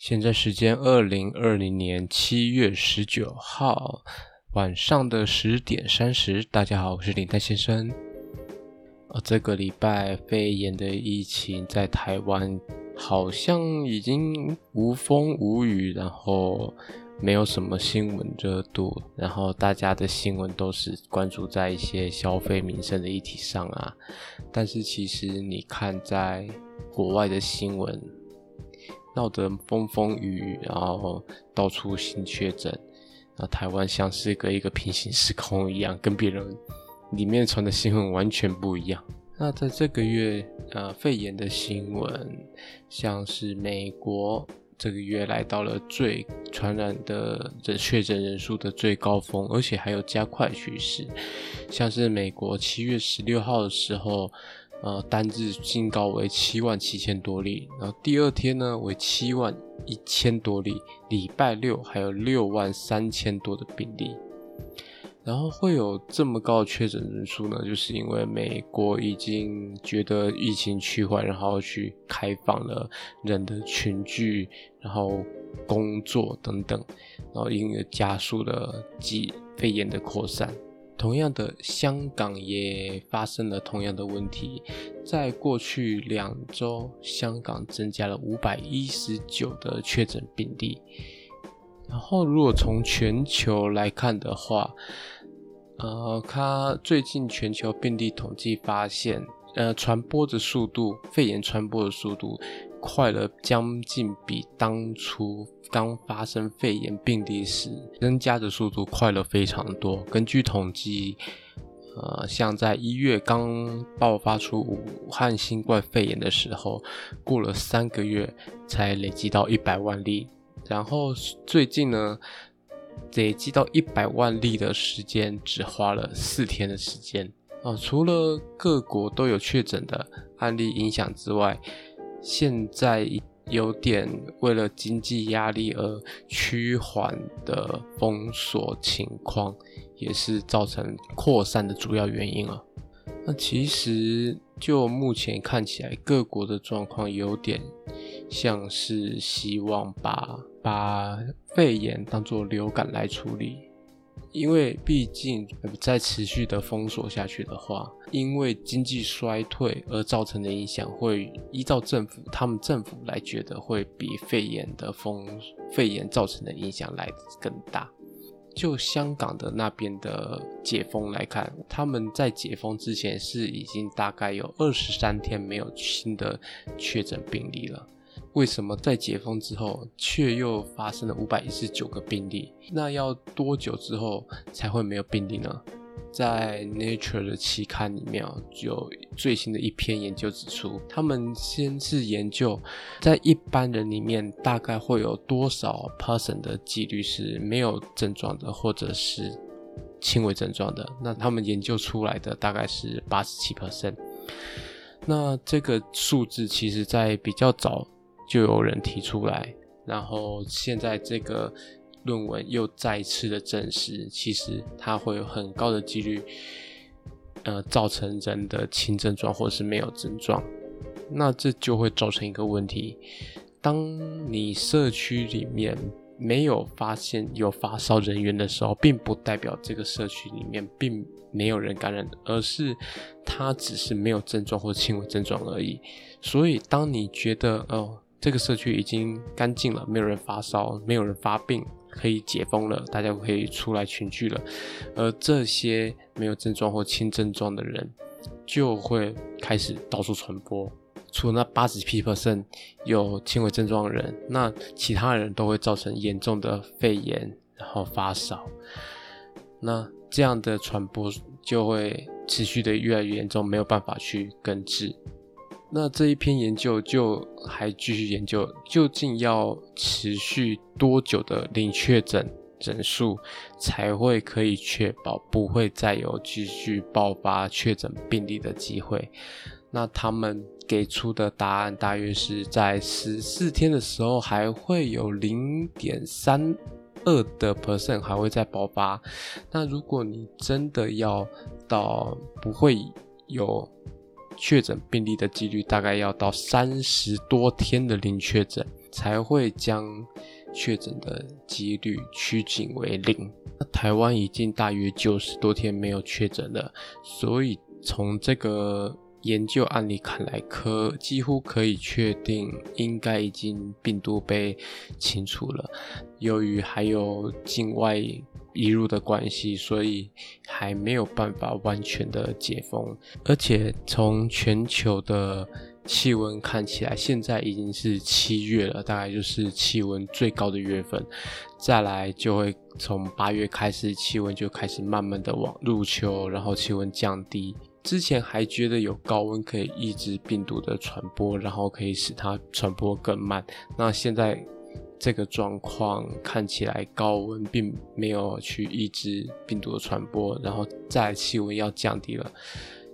現在時間二零二零年七月十九號晚上的十點三十。大家好，我是林丹先生。哦，這個禮拜肺炎的疫情在台灣好像已經無風無雨，然後沒有什麼新聞熱度，然後大家的新聞都是關注在一些消費民生的議題上啊。但是其實你看，在國外的新聞。鬧得風風雨雨，然後到處新確診，台灣像是隔一,一個平行時空一樣，跟別人裡面傳的新聞完全不一樣。那在這個月，呃，肺炎的新聞像是美國這個月來到了最傳染的、的確診人數的最高峰，而且還有加快趨勢。像是美國七月十六號的時候。呃，單日新高為七萬七千多例，然後第二天呢為七萬一千多例，禮拜六還有六萬三千多的病例。然後會有這麼高的確診人數呢，就是因為美國已經覺得疫情趨緩，然後去開放了人的群聚，然後工作等等，然後因而加速了肺炎的擴散。同樣的，香港也發生了同樣的問題。在過去兩周，香港增加了五百一十九的確診病例。然後，如果從全球來看的話，呃，他最近全球病例統計發現，呃，傳播的速度，肺炎傳播的速度。快了將近比當初剛發生肺炎病例時增加的速度快了非常多。根據統計，呃，像在一月剛爆發出武漢新冠肺炎的時候，過了三個月才累積到一百萬例。然後最近呢，累積到一百萬例的時間只花了四天的時間。呃，除了各國都有確診的案例影響之外，現在有點為了經濟壓力而趨緩的封鎖情況，也是造成擴散的主要原因了啊。那其實就目前看起來，各國的狀況有點像是希望把把肺炎當作流感來處理。因為畢竟在持續的封鎖下去的話，因為經濟衰退而造成的影響，會依照政府他們政府來覺得會比肺炎的封肺炎造成的影響來得更大。就香港的那邊的解封來看，他們在解封之前是已經大概有二十三天沒有新的確診病例了。為什麼在解封之後卻又發生了五百一十九個病例？那要多久之後才會沒有病例呢？在《Nature》的期刊裡面，有最新的一篇研究指出，他們先是研究在一般人裡面大概會有多少 percent 的幾率是沒有症狀的，或者是輕微症狀的。那他們研究出來的大概是八十七 percent。那這個數字其實，在比較早。就有人提出來，然後現在這個論文又再一次的證實，其實它會有很高的幾率，呃，造成人的輕症狀或者是沒有症狀，那這就會造成一個問題：當你社區裡面沒有發現有發燒人員的時候，並不代表這個社區裡面並沒有人感染，而是它只是沒有症狀或輕微症狀而已。所以當你覺得哦。這個社區已經乾淨了，沒有人發燒，沒有人發病，可以解封了，大家可以出來群聚了。而這些沒有症狀或輕症狀的人，就會開始到處傳播。除了那八十 percent 有輕微症狀的人，那其他人都會造成嚴重的肺炎，然後發燒。那這樣的傳播就會持續的越來越嚴重，沒有辦法去根治。那這一篇研究就還繼續研究，究竟要持續多久的零確診人數才會可以確保不會再有繼續爆發確診病例的機會？那他們給出的答案大約是在十四天的時候，還會有零點三二的 percent 還會再爆發。那如果你真的要到不會有。確診病例的幾率大概要到三十多天的零確診，才會將確診的幾率趨近為零。台灣已經大約九十多天沒有確診了，所以從這個研究案例看來可，可幾乎可以確定，應該已經病毒被清除了。由於還有境外移入的關係，所以。還沒有辦法完全的解封，而且從全球的氣溫看起來，現在已經是七月了，大概就是氣溫最高的月份。再來就會從八月開始，氣溫就開始慢慢的往入秋，然後氣溫降低。之前還覺得有高溫可以抑制病毒的傳播，然後可以使它傳播更慢。那現在。這個狀況看起來高溫並沒有去抑制病毒的傳播，然後再來氣溫要降低了，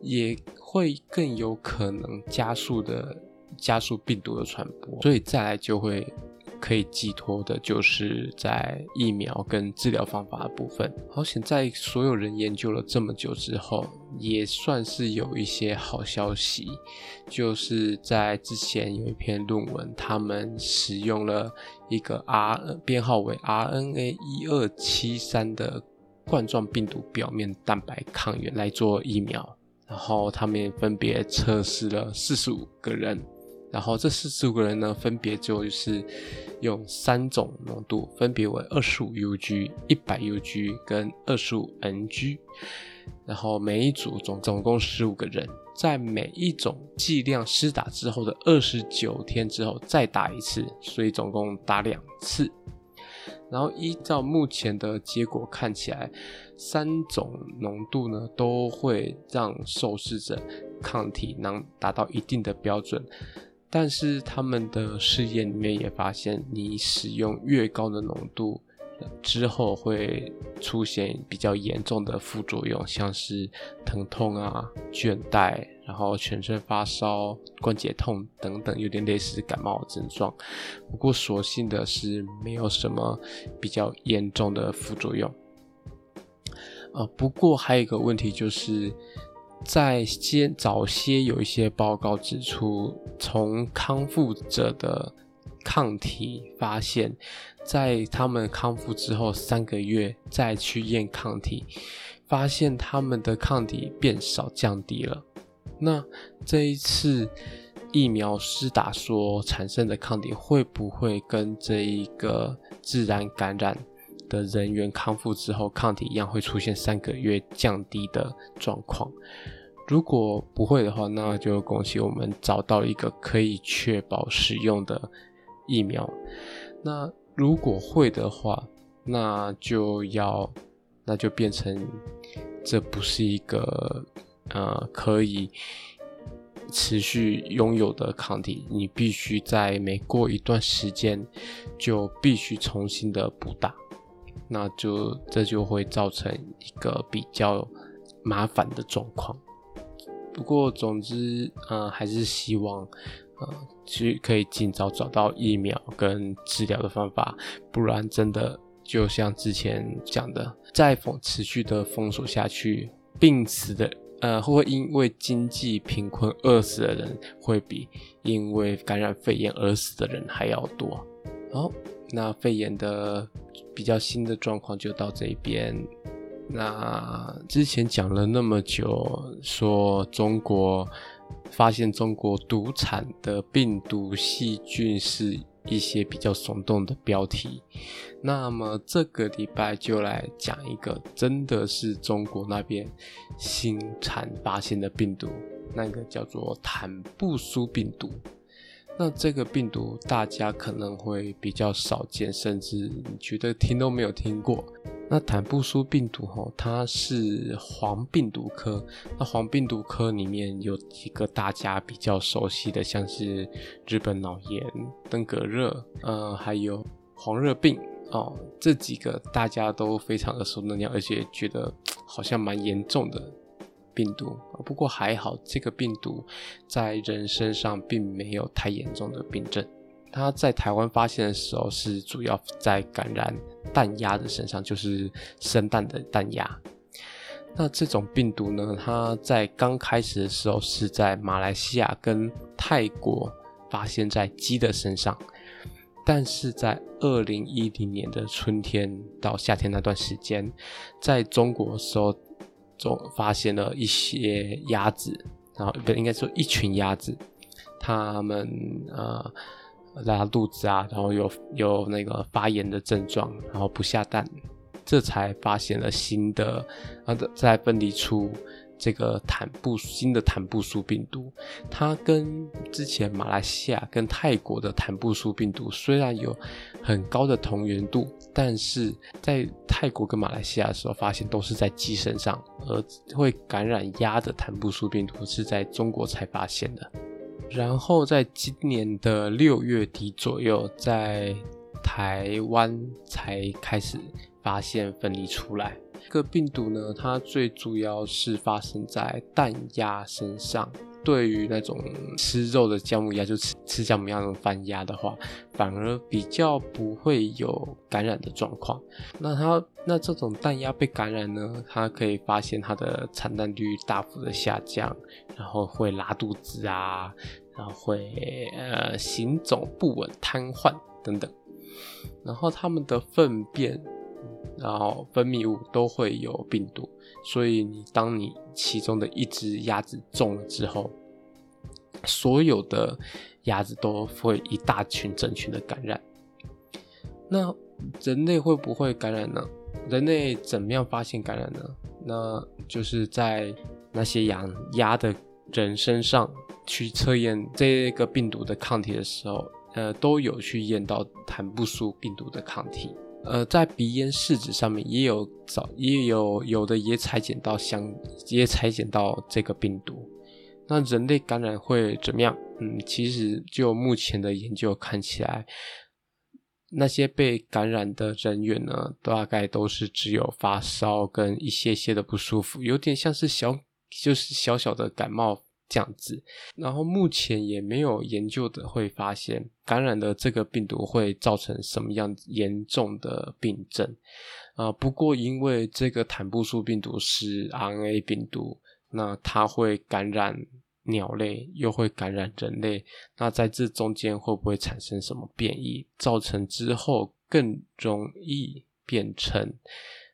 也會更有可能加速的加速病毒的傳播，所以再來就會。可以寄託的就是在疫苗跟治療方法的部分。好，現在所有人研究了這麼久之後，也算是有一些好消息。就是在之前有一篇論文，他們使用了一個 R 編號為 RNA 一二七三的冠狀病毒表面蛋白抗原來做疫苗，然後他們也分別測試了四十五個人。然後這四十五個人呢，分別就是用三種濃度，分別為二十五 μg、一百 μg 跟二十五 ng。然後每一組總總共十五個人，在每一種劑量施打之後的二十九天之後再打一次，所以總共打兩次。然後依照目前的結果看起來，三種濃度呢，都會讓受試者抗體能達到一定的標準。但是他們的試驗裡面也發現，你使用越高的濃度，之後會出現比較嚴重的副作用，像是疼痛啊、倦怠，然後全身發燒、關節痛等等，有點類似感冒的症狀。不過所幸的是，沒有什麼比較嚴重的副作用。呃，不過還有一個問題就是。在先早些有一些報告指出，從康復者的抗體發現，在他們康復之後三個月再去驗抗體，發現他們的抗體變少降低了。那這一次疫苗施打所產生的抗體會不會跟這一個自然感染？的人員康復之後，抗體一樣會出現三個月降低的狀況。如果不會的話，那就恭喜我們找到一個可以確保使用的疫苗。那如果會的話，那就要，那就變成，這不是一個，呃，可以持續擁有的抗體，你必須在每過一段時間，就必須重新的補打。那就這就會造成一個比較麻煩的狀況。不過，總之，呃，還是希望，呃，去可以盡早找到疫苗跟治療的方法。不然，真的就像之前講的，再否持續的封鎖下去，病死的，呃，會因為經濟貧困餓死的人會比因為感染肺炎而死的人還要多。好、哦。那肺炎的比較新的狀況就到這邊。那之前講了那麼久，說中國發現中國獨產的病毒細菌是一些比較聳動的標題。那麼這個禮拜就來講一個真的是中國那邊新產發現的病毒，那個叫做坦布蘇病毒。那這個病毒大家可能會比較少見，甚至你覺得聽都沒有聽過。那坦布蘇病毒吼、哦，它是黃病毒科。那黃病毒科裡面有幾個大家比較熟悉的，像是日本腦炎、登革熱，呃，還有黃熱病哦，這幾個大家都非常的耳熟能詳，而且覺得好像蠻嚴重的。病毒，不過還好，這個病毒在人身上並沒有太嚴重的病症。它在台灣發現的時候，是主要在感染蛋鴨的身上，就是生蛋的蛋鴨。那這種病毒呢，它在剛開始的時候是在馬來西亞跟泰國發現，在雞的身上，但是在二零一零年的春天到夏天那段時間，在中國的時候。就發現了一些鴨子，然後不，應該說一群鴨子，它們呃拉肚子啊，然後有有那個發炎的症狀，然後不下蛋，這才發現了新的，然後才分離出。這個坦布新的坦布蘇病毒，它跟之前馬來西亞跟泰國的坦布蘇病毒雖然有很高的同源度，但是在泰國跟馬來西亞的時候發現都是在雞身上，而會感染鴨的坦布蘇病毒是在中國才發現的。然後在今年的六月底左右，在台灣才開始。發現分離出來，這個病毒呢，它最主要是發生在蛋鴨身上。對於那種吃肉的薑母鴨，就吃吃薑母鴨那種番鴨的話，反而比較不會有感染的狀況。那它那這種蛋鴨被感染呢，它可以發現它的產蛋率大幅的下降，然後會拉肚子啊，然後會呃行走不穩、癱瘓等等，然後它們的糞便。然後分泌物都會有病毒，所以你當你其中的一隻鴨子中了之後，所有的鴨子都會一大群整群的感染。那人類會不會感染呢？人類怎麼樣發現感染呢？那就是在那些養鴨、鴨的人身上去測驗這個病毒的抗體的時候，呃，都有去驗到坦布蘇病毒的抗體。呃，在鼻咽拭子上面也有找，也有有的也採檢到像，想也採檢到這個病毒。那人類感染會怎麼樣？嗯，其實就目前的研究看起來，那些被感染的人員呢，大概都是只有發燒跟一些些的不舒服，有點像是小，就是小小的感冒。這樣子，然後目前也沒有研究的會發現感染了這個病毒會造成什麼樣嚴重的病症啊，呃，不過因為這個坦布蘇病毒是 RNA 病毒，那它會感染鳥類，又會感染人類，那在這中間會不會產生什麼變異，造成之後更容易變成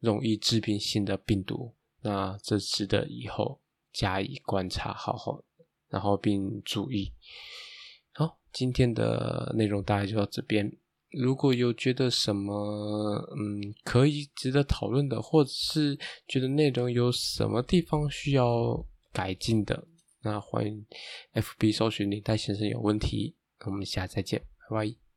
容易致病性的病毒？那這值得以後。加以觀察，好好，然後並注意。好，今天的內容大概就到這邊。如果有覺得什麼嗯可以值得討論的，或者是覺得內容有什麼地方需要改進的，那歡迎 FB 搜尋林泰先生有問題。我們下次再見，拜拜。